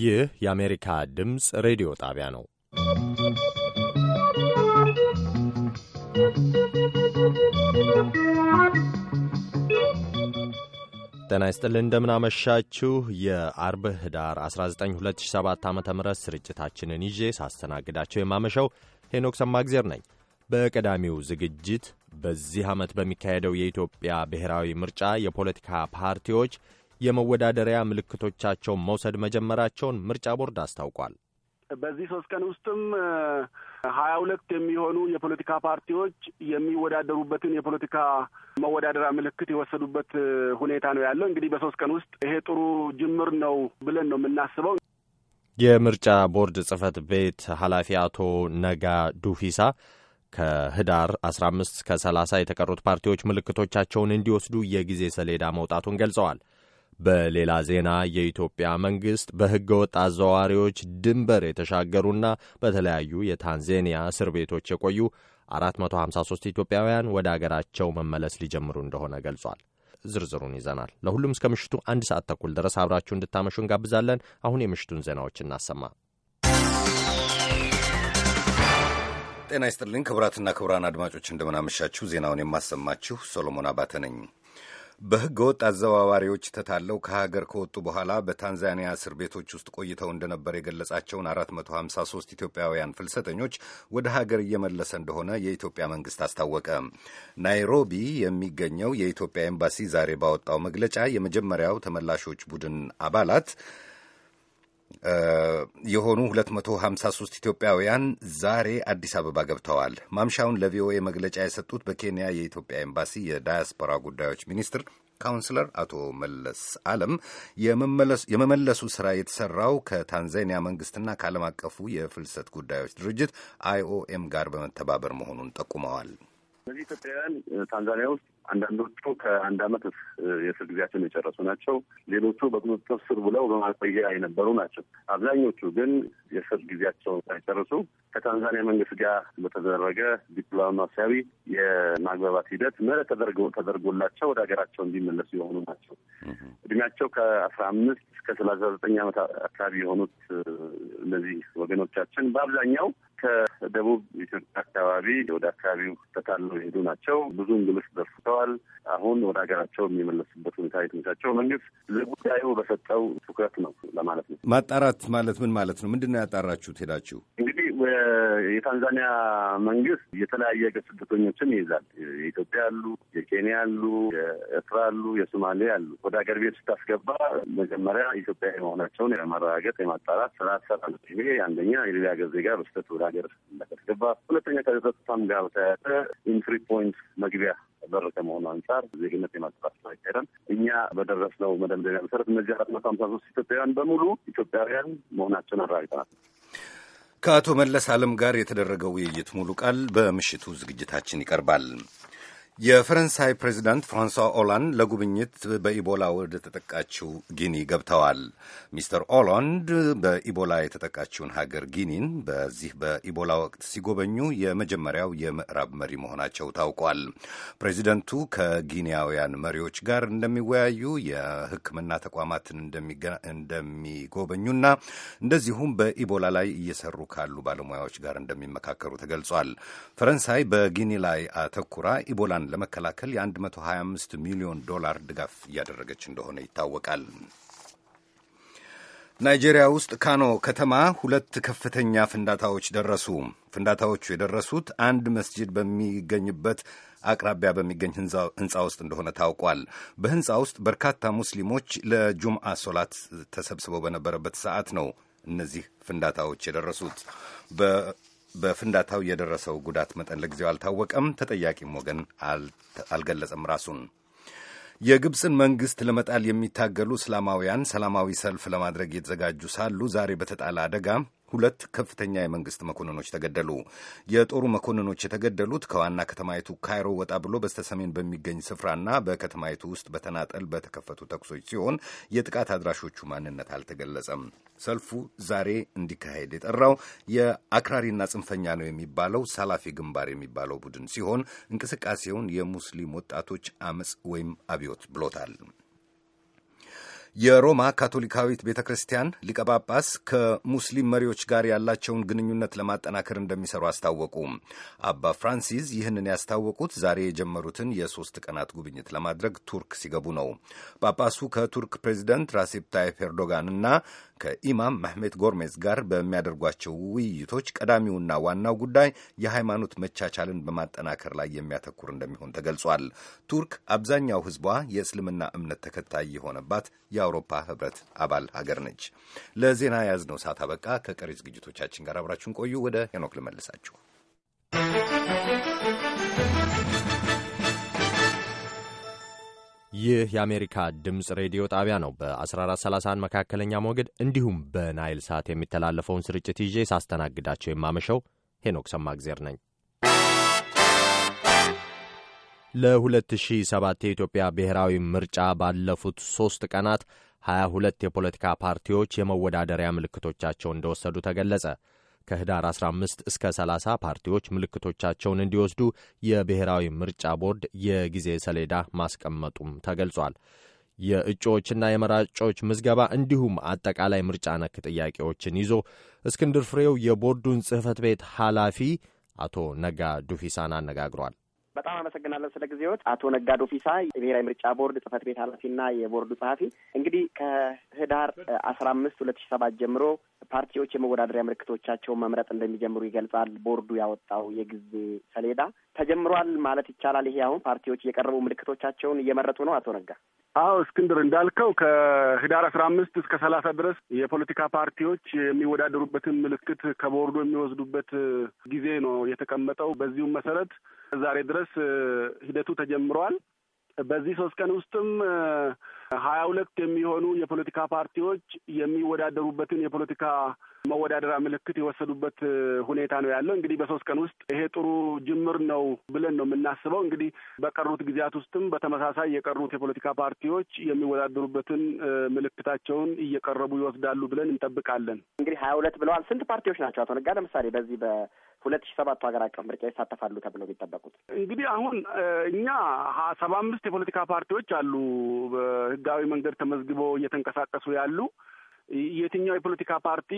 ይህ የአሜሪካ ድምፅ ሬዲዮ ጣቢያ ነው። ጤና ይስጥልን እንደምናመሻችሁ። የአርብ ህዳር 19 2007 ዓ ም ስርጭታችንን ይዤ ሳስተናግዳቸው የማመሸው ሄኖክ ሰማግዜር ነኝ። በቀዳሚው ዝግጅት በዚህ ዓመት በሚካሄደው የኢትዮጵያ ብሔራዊ ምርጫ የፖለቲካ ፓርቲዎች የመወዳደሪያ ምልክቶቻቸውን መውሰድ መጀመራቸውን ምርጫ ቦርድ አስታውቋል። በዚህ ሶስት ቀን ውስጥም ሀያ ሁለት የሚሆኑ የፖለቲካ ፓርቲዎች የሚወዳደሩበትን የፖለቲካ መወዳደሪያ ምልክት የወሰዱበት ሁኔታ ነው ያለው። እንግዲህ በሶስት ቀን ውስጥ ይሄ ጥሩ ጅምር ነው ብለን ነው የምናስበው። የምርጫ ቦርድ ጽህፈት ቤት ኃላፊ አቶ ነጋ ዱፊሳ ከህዳር 15 እስከ 30 የተቀሩት ፓርቲዎች ምልክቶቻቸውን እንዲወስዱ የጊዜ ሰሌዳ መውጣቱን ገልጸዋል። በሌላ ዜና የኢትዮጵያ መንግሥት በሕገ ወጥ አዘዋዋሪዎች ድንበር የተሻገሩና በተለያዩ የታንዜኒያ እስር ቤቶች የቆዩ 453 ኢትዮጵያውያን ወደ አገራቸው መመለስ ሊጀምሩ እንደሆነ ገልጿል። ዝርዝሩን ይዘናል። ለሁሉም እስከ ምሽቱ አንድ ሰዓት ተኩል ድረስ አብራችሁ እንድታመሹ እንጋብዛለን። አሁን የምሽቱን ዜናዎች እናሰማ። ጤና ይስጥልኝ ክቡራትና ክቡራን አድማጮች እንደምናመሻችሁ። ዜናውን የማሰማችሁ ሶሎሞን አባተ ነኝ። በሕገ ወጥ አዘዋዋሪዎች ተታለው ከሀገር ከወጡ በኋላ በታንዛኒያ እስር ቤቶች ውስጥ ቆይተው እንደነበር የገለጻቸውን 453 ኢትዮጵያውያን ፍልሰተኞች ወደ ሀገር እየመለሰ እንደሆነ የኢትዮጵያ መንግስት አስታወቀ። ናይሮቢ የሚገኘው የኢትዮጵያ ኤምባሲ ዛሬ ባወጣው መግለጫ የመጀመሪያው ተመላሾች ቡድን አባላት የሆኑ 253 ኢትዮጵያውያን ዛሬ አዲስ አበባ ገብተዋል። ማምሻውን ለቪኦኤ መግለጫ የሰጡት በኬንያ የኢትዮጵያ ኤምባሲ የዳያስፖራ ጉዳዮች ሚኒስትር ካውንስለር አቶ መለስ አለም የመመለሱ ስራ የተሰራው ከታንዛኒያ መንግስትና ከዓለም አቀፉ የፍልሰት ጉዳዮች ድርጅት አይኦኤም ጋር በመተባበር መሆኑን ጠቁመዋል። እነዚህ ኢትዮጵያውያን ታንዛኒያ ውስጥ አንዳንዶቹ ከአንድ አመት የእስር ጊዜያቸውን የጨረሱ ናቸው። ሌሎቹ በቁጥጥር ስር ብለው በማቆያ የነበሩ ናቸው። አብዛኞቹ ግን የእስር ጊዜያቸውን ሳይጨርሱ ከታንዛኒያ መንግስት ጋር በተደረገ ዲፕሎማሲያዊ የማግባባት ሂደት ምህረት ተደርጎላቸው ወደ ሀገራቸው እንዲመለሱ የሆኑ ናቸው። እድሜያቸው ከአስራ አምስት እስከ ሰላሳ ዘጠኝ ዓመት አካባቢ የሆኑት እነዚህ ወገኖቻችን በአብዛኛው ከደቡብ ኢትዮጵያ አካባቢ ወደ አካባቢው ተታለው የሄዱ ናቸው። ብዙ እንግልት ደርስተዋል። አሁን ወደ ሀገራቸው የሚመለሱበት ሁኔታ የተመቻቸው መንግስት ለጉዳዩ በሰጠው ትኩረት ነው ለማለት ነው። ማጣራት ማለት ምን ማለት ነው? ምንድን ነው ያጣራችሁት ሄዳችሁ? የታንዛኒያ መንግስት የተለያየ ሀገር ስደተኞችን ይይዛል። የኢትዮጵያ አሉ፣ የኬንያ አሉ፣ የኤርትራ አሉ፣ የሶማሌ አሉ። ወደ ሀገር ቤት ስታስገባ መጀመሪያ ኢትዮጵያ የመሆናቸውን የማረጋገጥ የማጣራት ስራ ሰራል። ይሄ አንደኛ የሌላ ሀገር ዜጋ በስተት ወደ ሀገር እንዳስገባ፣ ሁለተኛ ከጸጥታም ጋር በተያያዘ ኢንትሪ ፖይንት መግቢያ በር ከመሆኑ አንጻር ዜግነት የማጣራት ስራ ይካሄዳል። እኛ በደረስነው መደምደሚያ መሰረት እነዚህ አራት መቶ ሀምሳ ሶስት ኢትዮጵያውያን በሙሉ ኢትዮጵያውያን መሆናቸውን አረጋግጠናል። ከአቶ መለስ ዓለም ጋር የተደረገው ውይይት ሙሉ ቃል በምሽቱ ዝግጅታችን ይቀርባል። የፈረንሳይ ፕሬዚዳንት ፍራንሷ ኦላንድ ለጉብኝት በኢቦላ ወደ ተጠቃችው ጊኒ ገብተዋል። ሚስተር ኦላንድ በኢቦላ የተጠቃችውን ሀገር ጊኒን በዚህ በኢቦላ ወቅት ሲጎበኙ የመጀመሪያው የምዕራብ መሪ መሆናቸው ታውቋል። ፕሬዚደንቱ ከጊኒያውያን መሪዎች ጋር እንደሚወያዩ፣ የሕክምና ተቋማትን እንደሚጎበኙና እንደዚሁም በኢቦላ ላይ እየሰሩ ካሉ ባለሙያዎች ጋር እንደሚመካከሩ ተገልጿል። ፈረንሳይ በጊኒ ላይ አተኩራ ኢቦላን ሽብርን ለመከላከል የ125 ሚሊዮን ዶላር ድጋፍ እያደረገች እንደሆነ ይታወቃል። ናይጄሪያ ውስጥ ካኖ ከተማ ሁለት ከፍተኛ ፍንዳታዎች ደረሱ። ፍንዳታዎቹ የደረሱት አንድ መስጂድ በሚገኝበት አቅራቢያ በሚገኝ ህንፃ ውስጥ እንደሆነ ታውቋል። በህንፃ ውስጥ በርካታ ሙስሊሞች ለጁምዓ ሶላት ተሰብስበው በነበረበት ሰዓት ነው እነዚህ ፍንዳታዎች የደረሱት። በፍንዳታው የደረሰው ጉዳት መጠን ለጊዜው አልታወቀም። ተጠያቂም ወገን አልገለጸም ራሱን። የግብፅን መንግስት ለመጣል የሚታገሉ እስላማውያን ሰላማዊ ሰልፍ ለማድረግ የተዘጋጁ ሳሉ ዛሬ በተጣለ አደጋ ሁለት ከፍተኛ የመንግስት መኮንኖች ተገደሉ። የጦሩ መኮንኖች የተገደሉት ከዋና ከተማይቱ ካይሮ ወጣ ብሎ በስተሰሜን በሚገኝ ስፍራና በከተማይቱ ውስጥ በተናጠል በተከፈቱ ተኩሶች ሲሆን የጥቃት አድራሾቹ ማንነት አልተገለጸም። ሰልፉ ዛሬ እንዲካሄድ የጠራው የአክራሪና ጽንፈኛ ነው የሚባለው ሰላፊ ግንባር የሚባለው ቡድን ሲሆን እንቅስቃሴውን የሙስሊም ወጣቶች አመፅ ወይም አብዮት ብሎታል። የሮማ ካቶሊካዊት ቤተ ክርስቲያን ሊቀ ጳጳስ ከሙስሊም መሪዎች ጋር ያላቸውን ግንኙነት ለማጠናከር እንደሚሰሩ አስታወቁ። አባ ፍራንሲስ ይህንን ያስታወቁት ዛሬ የጀመሩትን የሶስት ቀናት ጉብኝት ለማድረግ ቱርክ ሲገቡ ነው። ጳጳሱ ከቱርክ ፕሬዚደንት ራሴፕ ታይፕ ኤርዶጋን እና ከኢማም መህሜት ጎርሜዝ ጋር በሚያደርጓቸው ውይይቶች ቀዳሚውና ዋናው ጉዳይ የሃይማኖት መቻቻልን በማጠናከር ላይ የሚያተኩር እንደሚሆን ተገልጿል። ቱርክ አብዛኛው ህዝቧ የእስልምና እምነት ተከታይ የሆነባት የአውሮፓ ህብረት አባል ሀገር ነች። ለዜና የያዝነው ሰዓት አበቃ። ከቀሪ ዝግጅቶቻችን ጋር አብራችሁን ቆዩ። ወደ ሄኖክ ልመልሳችሁ። ይህ የአሜሪካ ድምፅ ሬዲዮ ጣቢያ ነው። በ1431 መካከለኛ ሞገድ እንዲሁም በናይል ሳት የሚተላለፈውን ስርጭት ይዤ ሳስተናግዳቸው የማመሸው ሄኖክ ሰማግዜር ነኝ። ለ2007 የኢትዮጵያ ብሔራዊ ምርጫ ባለፉት ሦስት ቀናት 22 የፖለቲካ ፓርቲዎች የመወዳደሪያ ምልክቶቻቸውን እንደወሰዱ ተገለጸ። ከህዳር 15 እስከ 30 ፓርቲዎች ምልክቶቻቸውን እንዲወስዱ የብሔራዊ ምርጫ ቦርድ የጊዜ ሰሌዳ ማስቀመጡም ተገልጿል። የእጩዎችና የመራጮች ምዝገባ እንዲሁም አጠቃላይ ምርጫ ነክ ጥያቄዎችን ይዞ እስክንድር ፍሬው የቦርዱን ጽህፈት ቤት ኃላፊ አቶ ነጋ ዱፊሳን አነጋግሯል። በጣም አመሰግናለን ስለ ጊዜዎት አቶ ነጋ ዱፊሳ የብሔራዊ ምርጫ ቦርድ ጽህፈት ቤት ኃላፊና የቦርዱ ጸሐፊ። እንግዲህ ከህዳር አስራ አምስት ሁለት ሺ ሰባት ጀምሮ ፓርቲዎች የመወዳደሪያ ምልክቶቻቸውን መምረጥ እንደሚጀምሩ ይገልጻል ቦርዱ ያወጣው የጊዜ ሰሌዳ። ተጀምሯል ማለት ይቻላል። ይሄ አሁን ፓርቲዎች እየቀረቡ ምልክቶቻቸውን እየመረጡ ነው። አቶ ነጋ አዎ እስክንድር እንዳልከው ከህዳር አስራ አምስት እስከ ሰላሳ ድረስ የፖለቲካ ፓርቲዎች የሚወዳደሩበትን ምልክት ከቦርዱ የሚወስዱበት ጊዜ ነው የተቀመጠው። በዚሁም መሰረት ዛሬ ድረስ ሂደቱ ተጀምሯል። በዚህ ሶስት ቀን ውስጥም ሀያ ሁለት የሚሆኑ የፖለቲካ ፓርቲዎች የሚወዳደሩበትን የፖለቲካ መወዳደሪያ ምልክት የወሰዱበት ሁኔታ ነው ያለው። እንግዲህ በሶስት ቀን ውስጥ ይሄ ጥሩ ጅምር ነው ብለን ነው የምናስበው። እንግዲህ በቀሩት ጊዜያት ውስጥም በተመሳሳይ የቀሩት የፖለቲካ ፓርቲዎች የሚወዳደሩበትን ምልክታቸውን እየቀረቡ ይወስዳሉ ብለን እንጠብቃለን። እንግዲህ ሀያ ሁለት ብለዋል። ስንት ፓርቲዎች ናቸው አቶ ነጋ ለምሳሌ በዚህ በ ሁለት ሺ ሰባቱ ሀገር አቀፍ ምርጫ ይሳተፋሉ ተብለው የሚጠበቁት እንግዲህ አሁን እኛ ሰባ አምስት የፖለቲካ ፓርቲዎች አሉ በህጋዊ መንገድ ተመዝግበው እየተንቀሳቀሱ ያሉ የትኛው የፖለቲካ ፓርቲ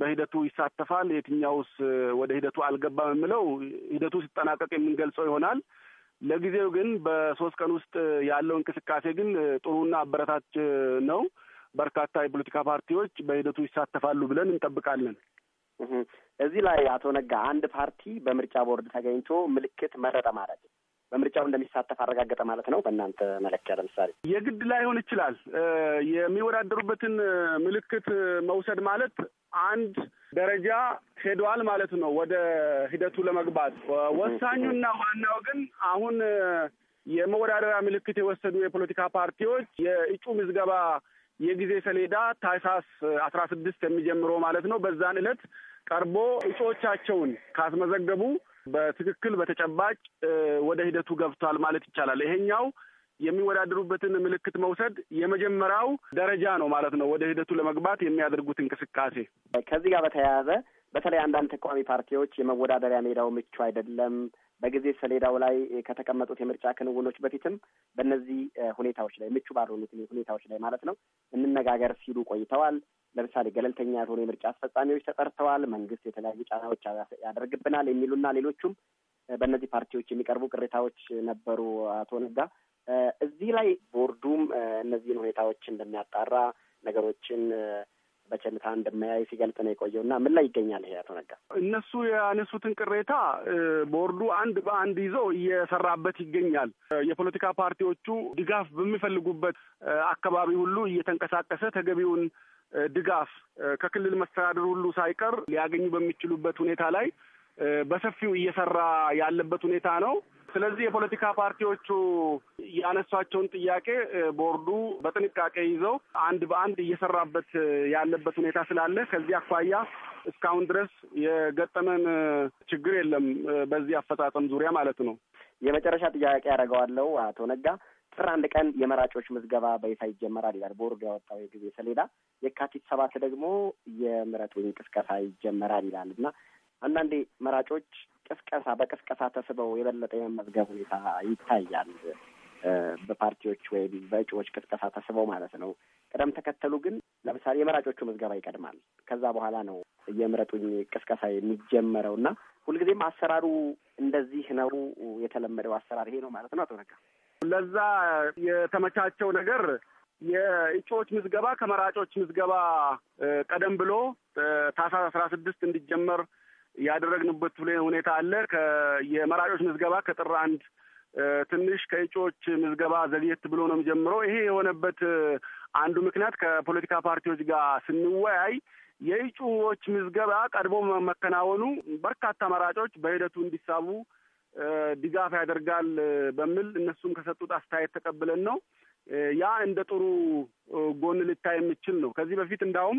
በሂደቱ ይሳተፋል፣ የትኛውስ ወደ ሂደቱ አልገባም የምለው ሂደቱ ሲጠናቀቅ የምንገልጸው ይሆናል። ለጊዜው ግን በሶስት ቀን ውስጥ ያለው እንቅስቃሴ ግን ጥሩና አበረታች ነው። በርካታ የፖለቲካ ፓርቲዎች በሂደቱ ይሳተፋሉ ብለን እንጠብቃለን። እዚህ ላይ አቶ ነጋ፣ አንድ ፓርቲ በምርጫ ቦርድ ተገኝቶ ምልክት መረጠ ማለት በምርጫው እንደሚሳተፍ አረጋገጠ ማለት ነው። በእናንተ መለኪያ ለምሳሌ የግድ ላይሆን ይችላል። የሚወዳደሩበትን ምልክት መውሰድ ማለት አንድ ደረጃ ሄደዋል ማለት ነው። ወደ ሂደቱ ለመግባት ወሳኙና ዋናው ግን አሁን የመወዳደሪያ ምልክት የወሰዱ የፖለቲካ ፓርቲዎች የእጩ ምዝገባ የጊዜ ሰሌዳ ታህሳስ አስራ ስድስት የሚጀምረው ማለት ነው። በዛን ዕለት ቀርቦ እጩዎቻቸውን ካስመዘገቡ በትክክል በተጨባጭ ወደ ሂደቱ ገብቷል ማለት ይቻላል። ይሄኛው የሚወዳደሩበትን ምልክት መውሰድ የመጀመሪያው ደረጃ ነው ማለት ነው። ወደ ሂደቱ ለመግባት የሚያደርጉት እንቅስቃሴ ከዚህ ጋር በተያያዘ በተለይ አንዳንድ ተቃዋሚ ፓርቲዎች የመወዳደሪያ ሜዳው ምቹ አይደለም በጊዜ ሰሌዳው ላይ ከተቀመጡት የምርጫ ክንውኖች በፊትም በእነዚህ ሁኔታዎች ላይ ምቹ ባልሆኑት ሁኔታዎች ላይ ማለት ነው እንነጋገር ሲሉ ቆይተዋል። ለምሳሌ ገለልተኛ ያልሆኑ የምርጫ አስፈጻሚዎች ተጠርተዋል። መንግስት የተለያዩ ጫናዎች ያደርግብናል የሚሉና ሌሎቹም በእነዚህ ፓርቲዎች የሚቀርቡ ቅሬታዎች ነበሩ። አቶ ነጋ እዚህ ላይ ቦርዱም እነዚህን ሁኔታዎች እንደሚያጣራ ነገሮችን በቸልታ እንደማያይ ሲገልጽ ነው የቆየው እና ምን ላይ ይገኛል ይሄ? አቶ ነጋ እነሱ ያነሱትን ቅሬታ ቦርዱ አንድ በአንድ ይዞ እየሰራበት ይገኛል። የፖለቲካ ፓርቲዎቹ ድጋፍ በሚፈልጉበት አካባቢ ሁሉ እየተንቀሳቀሰ ተገቢውን ድጋፍ ከክልል መስተዳድር ሁሉ ሳይቀር ሊያገኙ በሚችሉበት ሁኔታ ላይ በሰፊው እየሰራ ያለበት ሁኔታ ነው። ስለዚህ የፖለቲካ ፓርቲዎቹ ያነሷቸውን ጥያቄ ቦርዱ በጥንቃቄ ይዘው አንድ በአንድ እየሰራበት ያለበት ሁኔታ ስላለ ከዚህ አኳያ እስካሁን ድረስ የገጠመን ችግር የለም። በዚህ አፈጻጸም ዙሪያ ማለት ነው። የመጨረሻ ጥያቄ ያደርገዋለሁ አቶ ነጋ ጥር አንድ ቀን የመራጮች ምዝገባ በይፋ ይጀመራል ይላል ቦርዱ ያወጣው የጊዜ ሰሌዳ። የካቲት ሰባት ደግሞ የምረጡኝ ቅስቀሳ ይጀመራል ይላል እና አንዳንዴ መራጮች ቅስቀሳ በቅስቀሳ ተስበው የበለጠ የመመዝገብ ሁኔታ ይታያል። በፓርቲዎች ወይም በእጩዎች ቅስቀሳ ተስበው ማለት ነው። ቅደም ተከተሉ ግን ለምሳሌ የመራጮቹ ምዝገባ ይቀድማል። ከዛ በኋላ ነው የምረጡኝ ቅስቀሳ የሚጀመረው እና ሁልጊዜም አሰራሩ እንደዚህ ነው። የተለመደው አሰራር ይሄ ነው ማለት ነው። አቶ ነጋ፣ ለዛ የተመቻቸው ነገር የእጩዎች ምዝገባ ከመራጮች ምዝገባ ቀደም ብሎ ታሳ አስራ ስድስት እንዲጀመር ያደረግንበት ሁኔታ አለ። የመራጮች ምዝገባ ከጥር አንድ ትንሽ ከእጩዎች ምዝገባ ዘግየት ብሎ ነው ጀምሮ ይሄ የሆነበት አንዱ ምክንያት ከፖለቲካ ፓርቲዎች ጋር ስንወያይ የእጩዎች ምዝገባ ቀድሞ መከናወኑ በርካታ መራጮች በሂደቱ እንዲሳቡ ድጋፍ ያደርጋል በሚል እነሱም ከሰጡት አስተያየት ተቀብለን ነው ያ እንደ ጥሩ ጎን ልታይ የምችል ነው። ከዚህ በፊት እንዳውም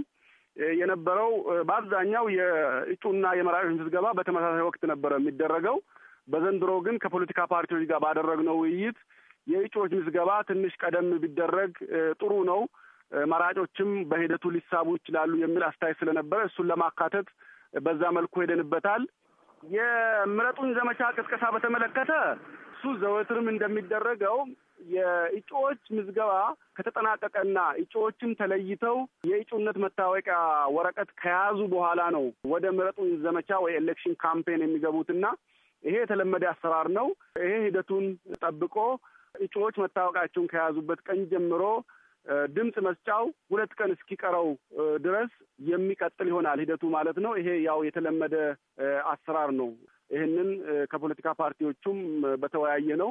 የነበረው በአብዛኛው የእጩና የመራጮች ምዝገባ በተመሳሳይ ወቅት ነበረ የሚደረገው። በዘንድሮ ግን ከፖለቲካ ፓርቲዎች ጋር ባደረግነው ውይይት የእጩዎች ምዝገባ ትንሽ ቀደም ቢደረግ ጥሩ ነው፣ መራጮችም በሂደቱ ሊሳቡ ይችላሉ የሚል አስተያየት ስለነበረ እሱን ለማካተት በዛ መልኩ ሄደንበታል። የምረጡን ዘመቻ ቅስቀሳ በተመለከተ እሱ ዘወትርም እንደሚደረገው የእጩዎች ምዝገባ ከተጠናቀቀና እጩዎችም ተለይተው የእጩነት መታወቂያ ወረቀት ከያዙ በኋላ ነው ወደ ምረጡኝ ዘመቻ ወይ ኤሌክሽን ካምፔን የሚገቡትና ይሄ የተለመደ አሰራር ነው። ይሄ ሂደቱን ጠብቆ እጩዎች መታወቂያቸውን ከያዙበት ቀን ጀምሮ ድምፅ መስጫው ሁለት ቀን እስኪቀረው ድረስ የሚቀጥል ይሆናል ሂደቱ ማለት ነው። ይሄ ያው የተለመደ አሰራር ነው። ይህንን ከፖለቲካ ፓርቲዎቹም በተወያየ ነው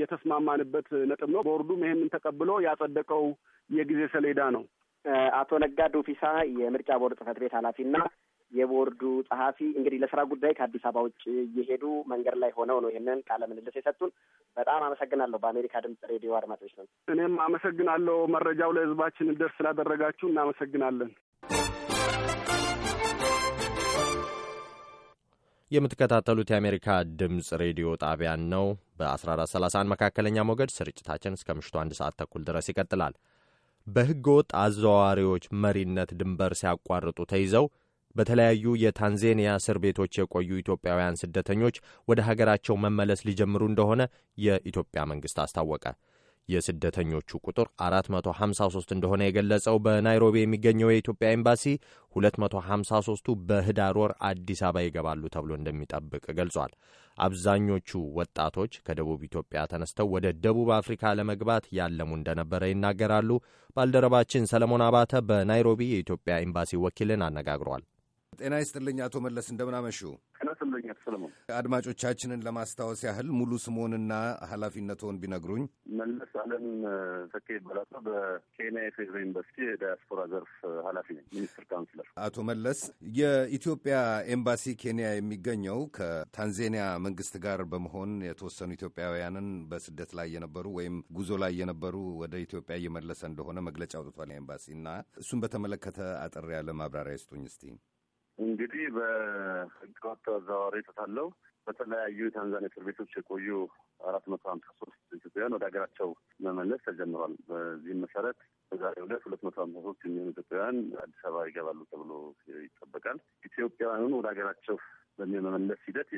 የተስማማንበት ነጥብ ነው። ቦርዱም ይህንን ተቀብሎ ያጸደቀው የጊዜ ሰሌዳ ነው። አቶ ነጋ ዱፊሳ የምርጫ ቦርድ ጽህፈት ቤት ኃላፊና የቦርዱ ጸሐፊ እንግዲህ ለስራ ጉዳይ ከአዲስ አበባ ውጭ እየሄዱ መንገድ ላይ ሆነው ነው ይህንን ቃለ ምልልስ የሰጡን። በጣም አመሰግናለሁ። በአሜሪካ ድምጽ ሬዲዮ አድማጮች ነው። እኔም አመሰግናለሁ። መረጃው ለህዝባችን ደርስ ስላደረጋችሁ እናመሰግናለን። የምትከታተሉት የአሜሪካ ድምፅ ሬዲዮ ጣቢያን ነው። በ1431 መካከለኛ ሞገድ ስርጭታችን እስከ ምሽቱ አንድ ሰዓት ተኩል ድረስ ይቀጥላል። በሕገ ወጥ አዘዋዋሪዎች መሪነት ድንበር ሲያቋርጡ ተይዘው በተለያዩ የታንዜኒያ እስር ቤቶች የቆዩ ኢትዮጵያውያን ስደተኞች ወደ ሀገራቸው መመለስ ሊጀምሩ እንደሆነ የኢትዮጵያ መንግሥት አስታወቀ። የስደተኞቹ ቁጥር 453 እንደሆነ የገለጸው በናይሮቢ የሚገኘው የኢትዮጵያ ኤምባሲ 253ቱ በህዳር ወር አዲስ አበባ ይገባሉ ተብሎ እንደሚጠብቅ ገልጿል። አብዛኞቹ ወጣቶች ከደቡብ ኢትዮጵያ ተነስተው ወደ ደቡብ አፍሪካ ለመግባት ያለሙ እንደነበረ ይናገራሉ። ባልደረባችን ሰለሞን አባተ በናይሮቢ የኢትዮጵያ ኤምባሲ ወኪልን አነጋግሯል። ጤና ይስጥልኝ አቶ መለስ እንደምናመሹ። ጤና ሰለሞን። አድማጮቻችንን ለማስታወስ ያህል ሙሉ ስሞንና ኃላፊነትዎን ቢነግሩኝ። መለስ አለም ተኬ ይባላለሁ። በኬንያ የፌዴራል ዩኒቨርሲቲ የዳያስፖራ ዘርፍ ኃላፊ ነኝ፣ ሚኒስትር ካውንስለር። አቶ መለስ የኢትዮጵያ ኤምባሲ ኬንያ የሚገኘው ከታንዜኒያ መንግስት ጋር በመሆን የተወሰኑ ኢትዮጵያውያንን በስደት ላይ የነበሩ ወይም ጉዞ ላይ የነበሩ ወደ ኢትዮጵያ እየመለሰ እንደሆነ መግለጫ አውጥቷል ኤምባሲ እና እሱን በተመለከተ አጠር ያለ ማብራሪያ ይስጡኝ እስቲ። እንግዲህ በህገወጥ ተዘዋዋሪ ተታለው በተለያዩ የታንዛኒያ እስር ቤቶች የቆዩ አራት መቶ ሀምሳ ሶስት ኢትዮጵያውያን ወደ ሀገራቸው መመለስ ተጀምሯል። በዚህም መሰረት በዛሬው ዕለት ሁለት መቶ ሀምሳ ሶስት የሚሆኑ ኢትዮጵያውያን አዲስ አበባ ይገባሉ ተብሎ ይጠበቃል። ኢትዮጵያውያኑን ወደ ሀገራቸው በሚመመለስ ሂደት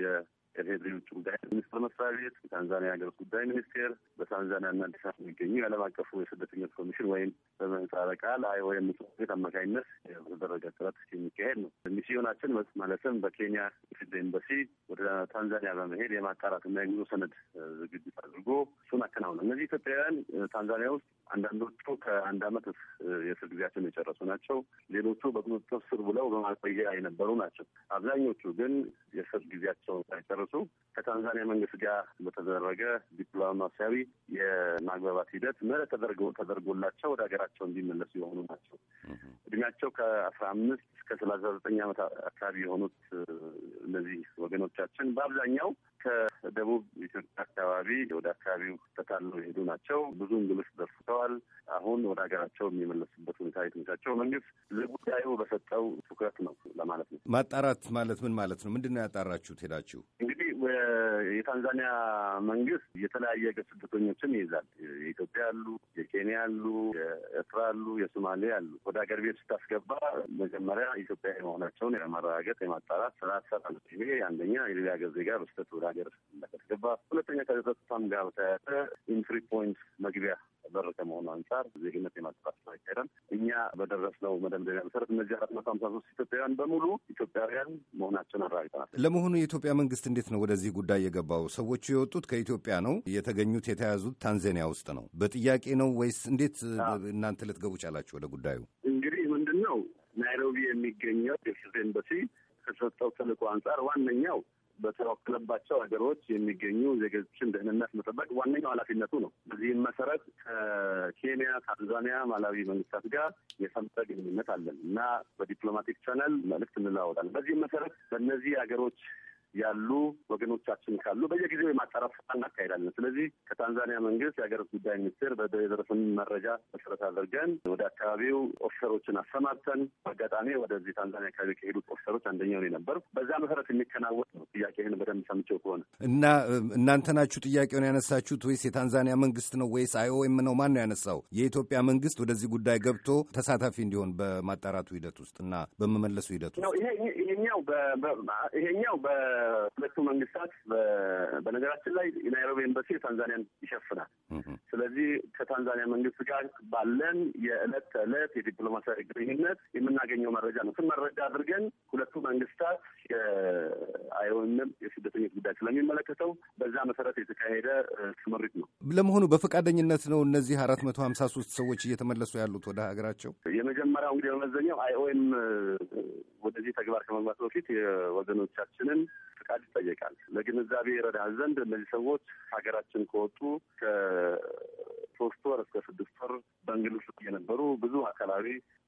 ከፌዴሪ ውጭ ጉዳይ ሚኒስትር መስሪያ ቤት፣ የታንዛኒያ ሀገር ጉዳይ ሚኒስቴር፣ በታንዛኒያ እና አዲስ አበባ የሚገኙ የዓለም አቀፉ የስደተኞች ኮሚሽን ወይም በምህጻረ ቃል አይኦኤም ጽሕፈት ቤት አማካኝነት በተደረገ ጥረት የሚካሄድ ነው። ሚስዮናችን ማለትም በኬንያ ፊልድ ኤምባሲ ወደ ታንዛኒያ በመሄድ የማጣራትና የጉዞ ሰነድ ዝግጅት አድርጎ እሱን አከናውነ። እነዚህ ኢትዮጵያውያን ታንዛኒያ ውስጥ አንዳንዶቹ ከአንድ አመት የእስር ጊዜያቸውን የጨረሱ ናቸው። ሌሎቹ በቁጥጥር ስር ብለው በማቆያ የነበሩ ናቸው። አብዛኞቹ ግን የእስር ጊዜያቸው ሳይጨርሱ ሲደርሱ ከታንዛኒያ መንግስት ጋር በተደረገ ዲፕሎማሲያዊ የማግባባት ሂደት ምህረት ተደርጎላቸው ወደ ሀገራቸው እንዲመለሱ የሆኑ ናቸው። እድሜያቸው ከአስራ አምስት እስከ ሰላሳ ዘጠኝ ዓመት አካባቢ የሆኑት እነዚህ ወገኖቻችን በአብዛኛው ከደቡብ ኢትዮጵያ አካባቢ ወደ አካባቢው ተታለው የሄዱ ናቸው። ብዙ እንግልት ደርስተዋል። አሁን ወደ ሀገራቸው የሚመለሱበት ሁኔታ የተመቻቸው መንግስት ለጉዳዩ በሰጠው ትኩረት ነው ለማለት ነው። ማጣራት ማለት ምን ማለት ነው? ምንድን ነው ያጣራችሁት ሄዳችሁ? እንግዲህ የታንዛኒያ መንግስት የተለያየ ሀገር ስደተኞችን ይይዛል። የኢትዮጵያ አሉ፣ የኬንያ አሉ፣ የኤርትራ አሉ፣ የሶማሌ አሉ። ወደ ሀገር ቤት ስታስገባ መጀመሪያ ኢትዮጵያ የመሆናቸውን የማረጋገጥ የማጣራት ስራ ሰራ። ይሄ አንደኛ የሌላ ሀገር ዜጋ በስተት ወደ ሀገር እንዳታስገባ፣ ሁለተኛ ከጸጥታም ጋር በተያያዘ ኢንትሪ ፖይንት መግቢያ በር ከመሆኑ አንጻር ዜግነት የማስፋት ስራ ይካሄዳል። እኛ በደረስነው መደምደሚያ መሰረት እነዚህ አራት መቶ ሀምሳ ሶስት ኢትዮጵያውያን በሙሉ ኢትዮጵያውያን መሆናቸውን አረጋግጠናል። ለመሆኑ የኢትዮጵያ መንግስት እንዴት ነው ወደዚህ ጉዳይ የገባው? ሰዎቹ የወጡት ከኢትዮጵያ ነው፣ የተገኙት የተያዙት ታንዛኒያ ውስጥ ነው። በጥያቄ ነው ወይስ እንዴት እናንተ ልትገቡ ቻላችሁ ወደ ጉዳዩ? እንግዲህ ምንድን ነው ናይሮቢ የሚገኘው ኤምባሲ ከሰጠው ተልዕኮ አንጻር ዋነኛው በተወከለባቸው ሀገሮች የሚገኙ ዜጎችን ደህንነት መጠበቅ ዋነኛው ኃላፊነቱ ነው። በዚህም መሰረት ከኬንያ፣ ታንዛኒያ፣ ማላዊ መንግስታት ጋር የሰመረ ግንኙነት አለን እና በዲፕሎማቲክ ቻናል መልእክት እንለዋወጣለን። በዚህም መሰረት በእነዚህ ሀገሮች ያሉ ወገኖቻችን ካሉ በየጊዜው የማጣራት ስራ እናካሄዳለን። ስለዚህ ከታንዛኒያ መንግስት የሀገር ውስጥ ጉዳይ ሚኒስቴር በደረሰን መረጃ መሰረት አድርገን ወደ አካባቢው ኦፊሰሮችን አሰማርተን በአጋጣሚ ወደዚህ ታንዛኒያ አካባቢ ከሄዱት ኦፊሰሮች አንደኛው ነው ነበር። በዛ መሰረት የሚከናወን ነው። ጥያቄህን በደንብ ሰምቼው ከሆነ እና እናንተ ናችሁ ጥያቄውን ያነሳችሁት ወይስ የታንዛኒያ መንግስት ነው ወይስ አይኦኤም ነው? ማን ነው ያነሳው? የኢትዮጵያ መንግስት ወደዚህ ጉዳይ ገብቶ ተሳታፊ እንዲሆን በማጣራቱ ሂደት ውስጥ እና በመመለሱ ሂደት ውስጥ ይሄኛው የሁለቱ መንግስታት በነገራችን ላይ የናይሮቢ ኤምባሲ ታንዛኒያን ይሸፍናል። ስለዚህ ከታንዛኒያ መንግስት ጋር ባለን የዕለት ተዕለት የዲፕሎማሲያዊ ግንኙነት የምናገኘው መረጃ ነው። ስም መረጃ አድርገን ሁለቱ መንግስታት የአይኦኤምም የስደተኞች ጉዳይ ስለሚመለከተው በዛ መሰረት የተካሄደ ስምሪት ነው። ለመሆኑ በፈቃደኝነት ነው እነዚህ አራት መቶ ሀምሳ ሶስት ሰዎች እየተመለሱ ያሉት ወደ ሀገራቸው? የመጀመሪያው እንግዲህ በመዘኛው አይኦኤም ወደዚህ ተግባር ከመግባት በፊት የወገኖቻችንን ፍቃድ ይጠየቃል። ለግንዛቤ ይረዳል ዘንድ እነዚህ ሰዎች ሀገራችን ከወጡ ከሶስት ወር እስከ ስድስት ወር በእንግሊዝ የነበሩ ብዙ አካላዊ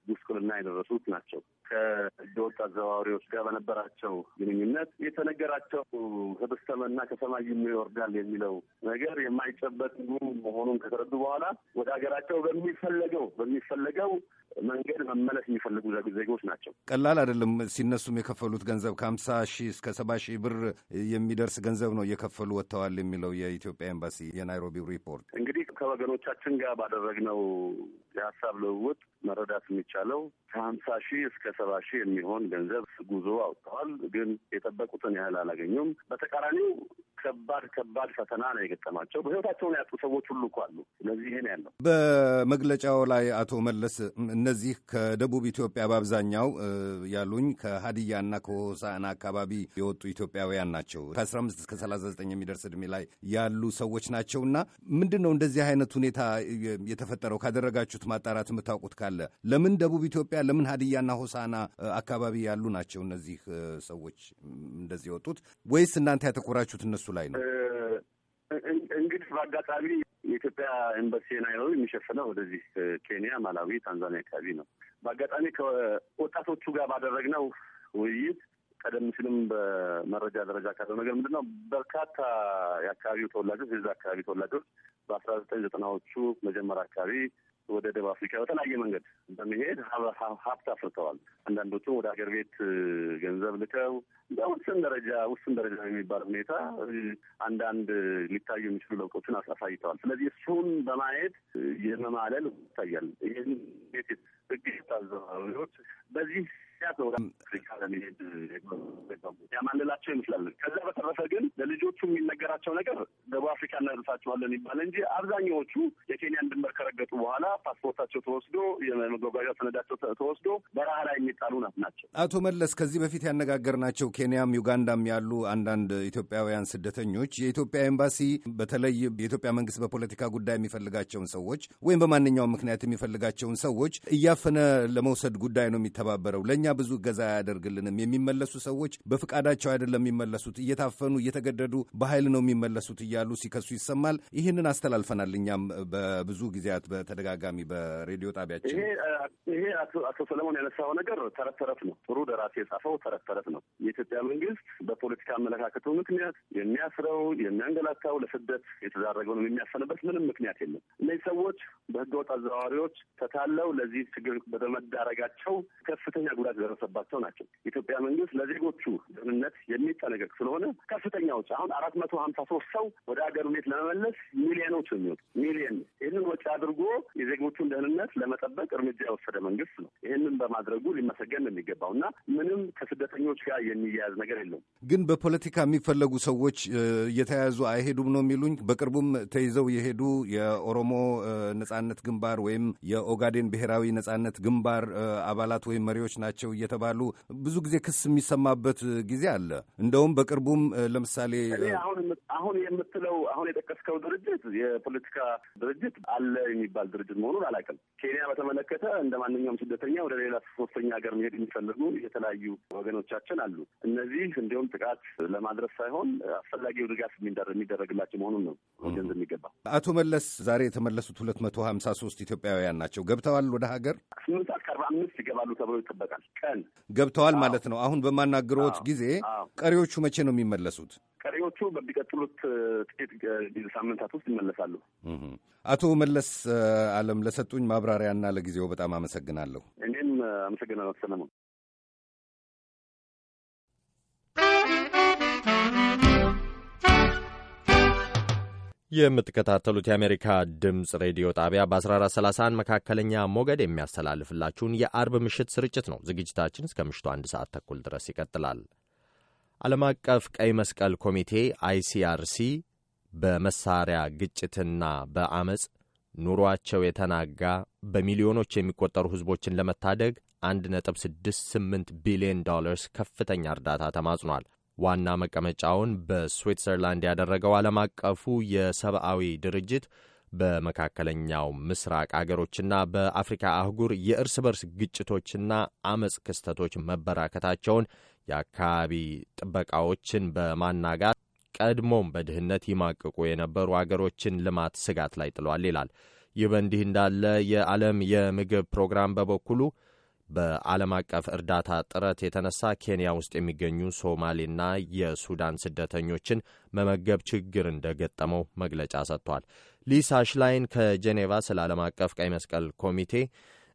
ጉስቁልና የደረሱት ናቸው። ከህገወጥ አዘዋዋሪዎች ጋር በነበራቸው ግንኙነት የተነገራቸው ህብስተመና ከሰማይ ይወርዳል የሚለው ነገር የማይጨበጥ መሆኑን ከተረዱ በኋላ ወደ ሀገራቸው በሚፈለገው በሚፈለገው መንገድ መመለስ የሚፈልጉ ዜጎች ናቸው። ቀላል አይደለም። ሲነሱም የከፈሉት ገንዘብ ከሀምሳ ሺህ እስከ ሰባ ሺህ ብር የሚደርስ ገንዘብ ነው እየከፈሉ ወጥተዋል የሚለው የኢትዮጵያ ኤምባሲ የናይሮቢ ሪፖርት እንግዲህ ከወገኖቻችን ጋር ባደረግነው የሀሳብ ልውውጥ መረዳት የሚቻለው ከሀምሳ ሺህ እስከ ሰባ ሺህ የሚሆን ገንዘብ ጉዞ አውጥተዋል። ግን የጠበቁትን ያህል አላገኙም። በተቃራኒው ከባድ ከባድ ፈተና ነው የገጠማቸው። በህይወታቸውን ያጡ ሰዎች ሁሉ እኮ አሉ። ስለዚህ ይህን ያለው በመግለጫው ላይ አቶ መለስ እነዚህ ከደቡብ ኢትዮጵያ በአብዛኛው ያሉኝ ከሀዲያና ከሆሳዕና አካባቢ የወጡ ኢትዮጵያውያን ናቸው። ከአስራ አምስት እስከ ሰላሳ ዘጠኝ የሚደርስ እድሜ ላይ ያሉ ሰዎች እና ምንድን ነው እንደዚህ አይነት ሁኔታ የተፈጠረው? ካደረጋችሁት ማጣራት የምታውቁት ካለ አለ። ለምን ደቡብ ኢትዮጵያ፣ ለምን ሀዲያና ሆሳና አካባቢ ያሉ ናቸው እነዚህ ሰዎች እንደዚህ የወጡት? ወይስ እናንተ ያተኮራችሁት እነሱ ላይ ነው? እንግዲህ በአጋጣሚ የኢትዮጵያ ኤምባሲ ናይሮቢ የሚሸፍነው ወደዚህ ኬንያ፣ ማላዊ፣ ታንዛኒያ አካባቢ ነው። በአጋጣሚ ከወጣቶቹ ጋር ባደረግነው ውይይት ቀደም ሲልም በመረጃ ደረጃ ካለው ነገር ምንድን ነው በርካታ የአካባቢው ተወላጆች የዛ አካባቢ ተወላጆች በአስራ ዘጠኝ ዘጠናዎቹ መጀመሪያ አካባቢ ወደ ደቡብ አፍሪካ በተለያየ መንገድ በመሄድ ሀብት አፍርተዋል። አንዳንዶቹ ወደ ሀገር ቤት ገንዘብ ልከው በውስን ደረጃ ውስን ደረጃ የሚባል ሁኔታ አንዳንድ ሊታዩ የሚችሉ ለውጦችን አሳይተዋል። ስለዚህ እሱን በማየት የመማለል ይታያል። ይህን ህግ ታዘባሪዎች በዚህ ምክንያት ወደ አፍሪካ ለመሄድ ያማልላቸው ይመስላል። ከዛ በተረፈ ግን ለልጆቹ የሚነገራቸው ነገር ደቡብ አፍሪካ እናደርሳቸዋለን ይባል እንጂ አብዛኛዎቹ የኬንያን ድንበር ከተረጋገጡ በኋላ ፓስፖርታቸው ተወስዶ የመጓጓዣ ሰነዳቸው ተወስዶ በረሃ ላይ የሚጣሉ ናቸው። አቶ መለስ ከዚህ በፊት ያነጋገርናቸው ኬንያም ዩጋንዳም ያሉ አንዳንድ ኢትዮጵያውያን ስደተኞች የኢትዮጵያ ኤምባሲ በተለይ የኢትዮጵያ መንግስት በፖለቲካ ጉዳይ የሚፈልጋቸውን ሰዎች ወይም በማንኛውም ምክንያት የሚፈልጋቸውን ሰዎች እያፈነ ለመውሰድ ጉዳይ ነው የሚተባበረው፣ ለእኛ ብዙ እገዛ አያደርግልንም። የሚመለሱ ሰዎች በፍቃዳቸው አይደለም የሚመለሱት፣ እየታፈኑ እየተገደዱ በኃይል ነው የሚመለሱት እያሉ ሲከሱ ይሰማል። ይህንን አስተላልፈናል እኛም በብዙ ጊዜያት በተደጋጋሚ በሬዲዮ ጣቢያችን። ይሄ አቶ ሰለሞን ያነሳው ነገር ተረት ተረት ነው። ጥሩ ደራሲ የጻፈው ተረት ተረት ነው። የኢትዮጵያ መንግስት በፖለቲካ አመለካከቱ ምክንያት የሚያስረው የሚያንገላታው፣ ለስደት ነው የሚያሰንበት ምንም ምክንያት የለም። እነዚህ ሰዎች በህገወጥ አዘዋዋሪዎች ተታለው ለዚህ ችግር በመዳረጋቸው ከፍተኛ ጉዳት የደረሰባቸው ናቸው። የኢትዮጵያ መንግስት ለዜጎቹ ደህንነት የሚጠነቀቅ ስለሆነ ከፍተኛ ውጭ አሁን አራት መቶ ሀምሳ ሶስት ሰው ወደ ሀገር ሁኔት ለመመለስ ሚሊዮኖች የሚወጡ ሚሊዮን ይህንን ወጪ አድርጎ አድርጎ የዜጎቹን ደህንነት ለመጠበቅ እርምጃ የወሰደ መንግስት ነው። ይህንን በማድረጉ ሊመሰገን ነው የሚገባው እና ምንም ከስደተኞች ጋር የሚያያዝ ነገር የለውም። ግን በፖለቲካ የሚፈለጉ ሰዎች እየተያዙ አይሄዱም ነው የሚሉኝ። በቅርቡም ተይዘው የሄዱ የኦሮሞ ነጻነት ግንባር ወይም የኦጋዴን ብሔራዊ ነጻነት ግንባር አባላት ወይም መሪዎች ናቸው እየተባሉ ብዙ ጊዜ ክስ የሚሰማበት ጊዜ አለ። እንደውም በቅርቡም ለምሳሌ አሁን አሁን የምትለው አሁን የጠቀስከው ድርጅት የፖለቲካ ድርጅት አለ የሚባል ድርጅት መሆኑን አላውቅም። ኬንያ በተመለከተ እንደ ማንኛውም ስደተኛ ወደ ሌላ ሶስተኛ ሀገር መሄድ የሚፈልጉ የተለያዩ ወገኖቻችን አሉ። እነዚህ እንዲሁም ጥቃት ለማድረስ ሳይሆን አስፈላጊው ድጋፍ የሚደረግላቸው መሆኑን ነው ወገንዝ የሚገባ። አቶ መለስ ዛሬ የተመለሱት ሁለት መቶ ሀምሳ ሶስት ኢትዮጵያውያን ናቸው። ገብተዋል ወደ ሀገር ስምንት ሰዓት ከአርባ አምስት ይገባሉ ተብሎ ይጠበቃል። ቀን ገብተዋል ማለት ነው። አሁን በማናግሮት ጊዜ ቀሪዎቹ መቼ ነው የሚመለሱት? ቀሪዎቹ በሚቀጥሉት ጥቂት ሳምንታት ውስጥ ይመለሳሉ። አቶ መለስ አለም ለሰጡኝ ማብራሪያና ለጊዜው በጣም አመሰግናለሁ። እኔም አመሰግናለሁ ሰለሞን። የምትከታተሉት የአሜሪካ ድምፅ ሬዲዮ ጣቢያ በ1431 መካከለኛ ሞገድ የሚያስተላልፍላችሁን የአርብ ምሽት ስርጭት ነው። ዝግጅታችን እስከ ምሽቱ አንድ ሰዓት ተኩል ድረስ ይቀጥላል። ዓለም አቀፍ ቀይ መስቀል ኮሚቴ አይሲአርሲ በመሳሪያ ግጭትና በአመፅ ኑሯቸው የተናጋ በሚሊዮኖች የሚቆጠሩ ሕዝቦችን ለመታደግ 1.68 ቢሊዮን ዶላርስ ከፍተኛ እርዳታ ተማጽኗል። ዋና መቀመጫውን በስዊትዘርላንድ ያደረገው ዓለም አቀፉ የሰብአዊ ድርጅት በመካከለኛው ምስራቅ አገሮችና በአፍሪካ አህጉር የእርስ በርስ ግጭቶችና አመፅ ክስተቶች መበራከታቸውን የአካባቢ ጥበቃዎችን በማናጋት ቀድሞም በድህነት ይማቅቁ የነበሩ አገሮችን ልማት ስጋት ላይ ጥሏል ይላል። ይህ በእንዲህ እንዳለ የዓለም የምግብ ፕሮግራም በበኩሉ በዓለም አቀፍ እርዳታ ጥረት የተነሳ ኬንያ ውስጥ የሚገኙ ሶማሌና የሱዳን ስደተኞችን መመገብ ችግር እንደገጠመው መግለጫ ሰጥቷል። ሊሳ ሽላይን ከጄኔቫ ስለ ዓለም አቀፍ ቀይ መስቀል ኮሚቴ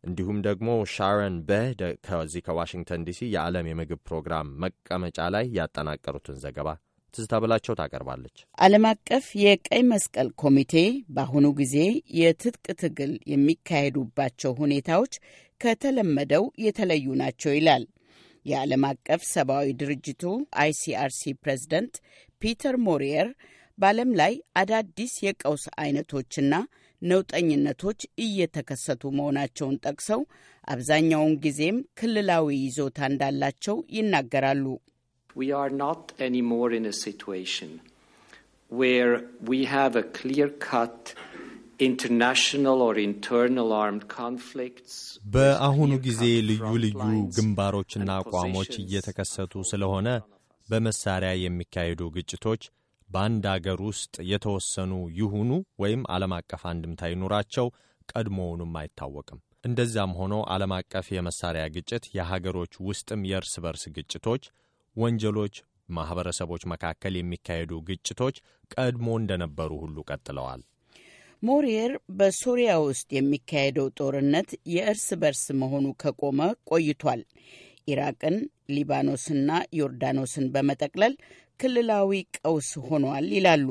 እንዲሁም ደግሞ ሻረን በህ ከዚህ ከዋሽንግተን ዲሲ የዓለም የምግብ ፕሮግራም መቀመጫ ላይ ያጠናቀሩትን ዘገባ ትዝታ ብላቸው ታቀርባለች። ዓለም አቀፍ የቀይ መስቀል ኮሚቴ በአሁኑ ጊዜ የትጥቅ ትግል የሚካሄዱባቸው ሁኔታዎች ከተለመደው የተለዩ ናቸው ይላል። የዓለም አቀፍ ሰብአዊ ድርጅቱ አይሲአርሲ ፕሬዝደንት ፒተር ሞሪየር በዓለም ላይ አዳዲስ የቀውስ አይነቶችና ነውጠኝነቶች እየተከሰቱ መሆናቸውን ጠቅሰው አብዛኛውን ጊዜም ክልላዊ ይዞታ እንዳላቸው ይናገራሉ። ዊ በአሁኑ ጊዜ ልዩ ልዩ ግንባሮችና አቋሞች እየተከሰቱ ስለሆነ በመሳሪያ የሚካሄዱ ግጭቶች በአንድ አገር ውስጥ የተወሰኑ ይሁኑ ወይም ዓለም አቀፍ አንድምታ ይኑራቸው ቀድሞውንም አይታወቅም። እንደዚያም ሆኖ ዓለም አቀፍ የመሳሪያ ግጭት፣ የሀገሮች ውስጥም የእርስ በርስ ግጭቶች፣ ወንጀሎች፣ ማኅበረሰቦች መካከል የሚካሄዱ ግጭቶች ቀድሞ እንደነበሩ ሁሉ ቀጥለዋል። ሞሪየር በሶሪያ ውስጥ የሚካሄደው ጦርነት የእርስ በርስ መሆኑ ከቆመ ቆይቷል። ኢራቅን፣ ሊባኖስና ዮርዳኖስን በመጠቅለል ክልላዊ ቀውስ ሆኗል ይላሉ።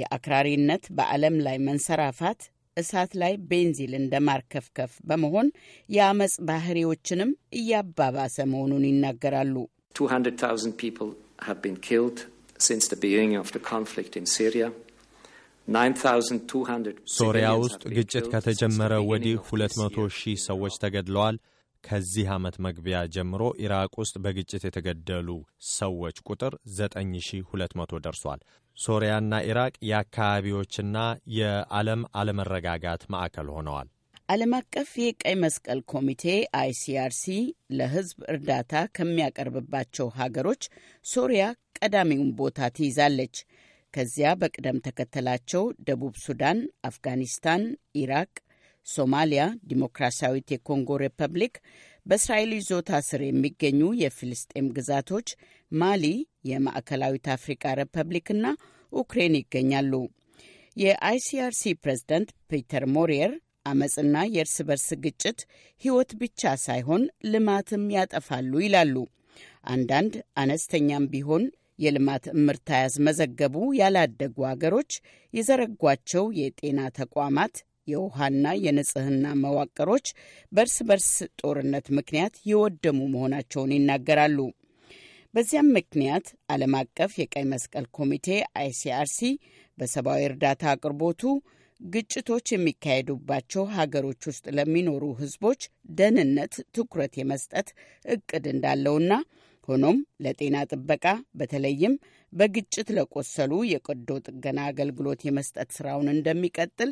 የአክራሪነት በዓለም ላይ መንሰራፋት እሳት ላይ ቤንዚል እንደ ማርከፍከፍ በመሆን የአመፅ ባህሪዎችንም እያባባሰ መሆኑን ይናገራሉ። ሁለት መቶ ሺህ ሰዎች ሶሪያ ውስጥ ግጭት ከተጀመረ ወዲህ 200 ሺህ ሰዎች ተገድለዋል። ከዚህ ዓመት መግቢያ ጀምሮ ኢራቅ ውስጥ በግጭት የተገደሉ ሰዎች ቁጥር 9200 ደርሷል። ሶሪያና ኢራቅ የአካባቢዎችና የዓለም አለመረጋጋት ማዕከል ሆነዋል። ዓለም አቀፍ የቀይ መስቀል ኮሚቴ አይሲአርሲ ለሕዝብ እርዳታ ከሚያቀርብባቸው ሀገሮች ሶሪያ ቀዳሚውን ቦታ ትይዛለች። ከዚያ በቅደም ተከተላቸው ደቡብ ሱዳን፣ አፍጋኒስታን፣ ኢራቅ፣ ሶማሊያ፣ ዲሞክራሲያዊት የኮንጎ ሪፐብሊክ፣ በእስራኤል ይዞታ ስር የሚገኙ የፊልስጤም ግዛቶች፣ ማሊ፣ የማዕከላዊት አፍሪካ ሪፐብሊክና ኡክሬን ይገኛሉ። የአይሲአርሲ ፕሬዝዳንት ፒተር ሞሪየር አመፅና የእርስ በርስ ግጭት ሕይወት ብቻ ሳይሆን ልማትም ያጠፋሉ ይላሉ። አንዳንድ አነስተኛም ቢሆን የልማት እምርታ ያስመዘገቡ ያላደጉ አገሮች የዘረጓቸው የጤና ተቋማት የውሃና የንጽህና መዋቅሮች በእርስ በርስ ጦርነት ምክንያት የወደሙ መሆናቸውን ይናገራሉ። በዚያም ምክንያት ዓለም አቀፍ የቀይ መስቀል ኮሚቴ አይሲአርሲ በሰብአዊ እርዳታ አቅርቦቱ ግጭቶች የሚካሄዱባቸው ሀገሮች ውስጥ ለሚኖሩ ህዝቦች ደህንነት ትኩረት የመስጠት እቅድ እንዳለውና ሆኖም ለጤና ጥበቃ በተለይም በግጭት ለቆሰሉ የቀዶ ጥገና አገልግሎት የመስጠት ስራውን እንደሚቀጥል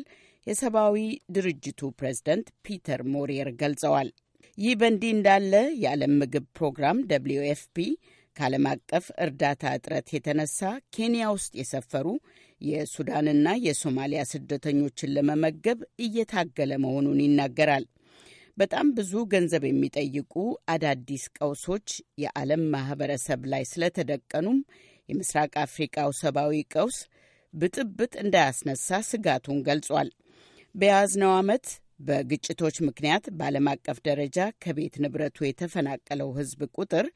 የሰብአዊ ድርጅቱ ፕሬዝደንት ፒተር ሞሪየር ገልጸዋል። ይህ በእንዲህ እንዳለ የዓለም ምግብ ፕሮግራም ደብሊዩ ኤፍፒ ከዓለም አቀፍ እርዳታ እጥረት የተነሳ ኬንያ ውስጥ የሰፈሩ የሱዳንና የሶማሊያ ስደተኞችን ለመመገብ እየታገለ መሆኑን ይናገራል። በጣም ብዙ ገንዘብ የሚጠይቁ አዳዲስ ቀውሶች የዓለም ማህበረሰብ ላይ ስለተደቀኑም የምስራቅ አፍሪቃው ሰብአዊ ቀውስ ብጥብጥ እንዳያስነሳ ስጋቱን ገልጿል። በያዝነው ዓመት በግጭቶች ምክንያት በዓለም አቀፍ ደረጃ ከቤት ንብረቱ የተፈናቀለው ሕዝብ ቁጥር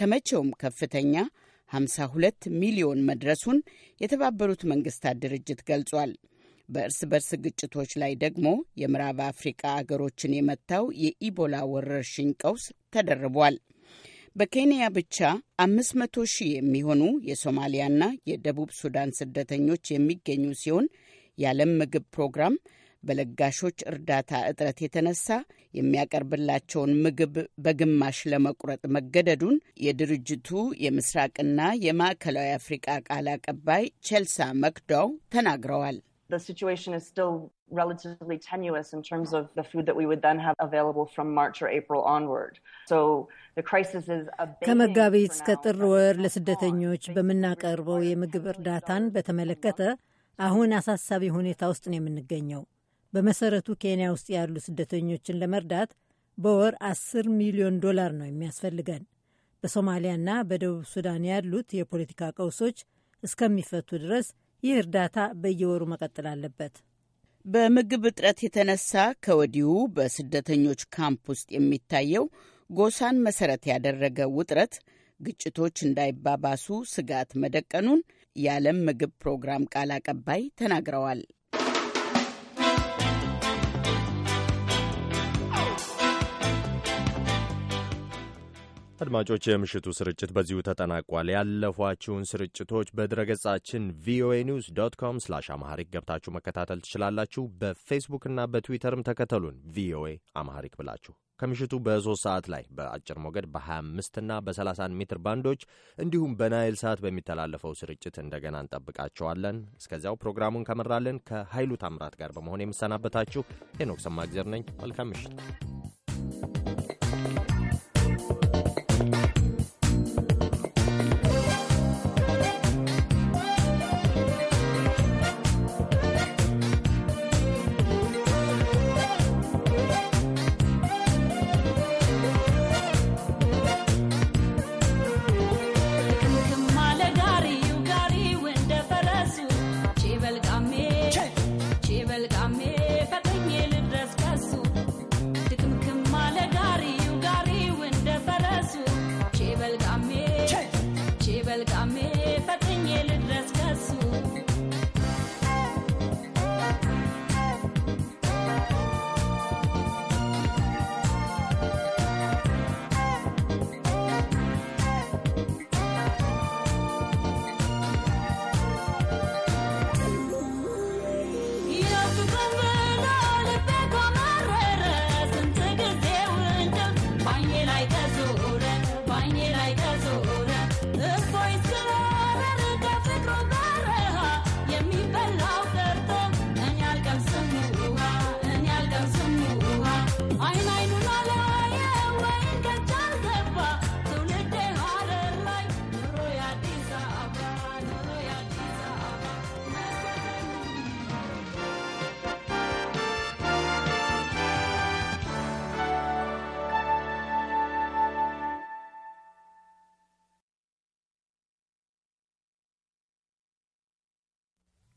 ከመቼውም ከፍተኛ 52 ሚሊዮን መድረሱን የተባበሩት መንግስታት ድርጅት ገልጿል። በእርስ በርስ ግጭቶች ላይ ደግሞ የምዕራብ አፍሪቃ አገሮችን የመታው የኢቦላ ወረርሽኝ ቀውስ ተደርቧል። በኬንያ ብቻ አምስት መቶ ሺህ የሚሆኑ የሶማሊያና የደቡብ ሱዳን ስደተኞች የሚገኙ ሲሆን የዓለም ምግብ ፕሮግራም በለጋሾች እርዳታ እጥረት የተነሳ የሚያቀርብላቸውን ምግብ በግማሽ ለመቁረጥ መገደዱን የድርጅቱ የምስራቅና የማዕከላዊ አፍሪቃ ቃል አቀባይ ቼልሳ መክዳው ተናግረዋል። the situation is still relatively tenuous in terms of the food that we would then have available from March or April onward. So the crisis is ከመጋቢት እስከ ጥር ወር ለስደተኞች በምናቀርበው የምግብ እርዳታን በተመለከተ አሁን አሳሳቢ ሁኔታ ውስጥ ነው የምንገኘው። በመሰረቱ ኬንያ ውስጥ ያሉ ስደተኞችን ለመርዳት በወር አስር ሚሊዮን ዶላር ነው የሚያስፈልገን። በሶማሊያና በደቡብ ሱዳን ያሉት የፖለቲካ ቀውሶች እስከሚፈቱ ድረስ ይህ እርዳታ በየወሩ መቀጠል አለበት። በምግብ እጥረት የተነሳ ከወዲሁ በስደተኞች ካምፕ ውስጥ የሚታየው ጎሳን መሰረት ያደረገ ውጥረት ግጭቶች እንዳይባባሱ ስጋት መደቀኑን የዓለም ምግብ ፕሮግራም ቃል አቀባይ ተናግረዋል። አድማጮች፣ የምሽቱ ስርጭት በዚሁ ተጠናቋል። ያለፏችሁን ስርጭቶች በድረገጻችን ቪኦኤ ኒውስ ዶት ኮም ስላሽ አማሐሪክ ገብታችሁ መከታተል ትችላላችሁ። በፌስቡክና በትዊተርም ተከተሉን ቪኦኤ አማሐሪክ ብላችሁ። ከምሽቱ በሶስት ሰዓት ላይ በአጭር ሞገድ በ25 እና በ31 ሜትር ባንዶች እንዲሁም በናይል ሰዓት በሚተላለፈው ስርጭት እንደገና እንጠብቃቸዋለን። እስከዚያው ፕሮግራሙን ከመራለን ከኃይሉ ታምራት ጋር በመሆን የምሰናበታችሁ ሄኖክ ሰማግዜር ነኝ። መልካም ምሽት።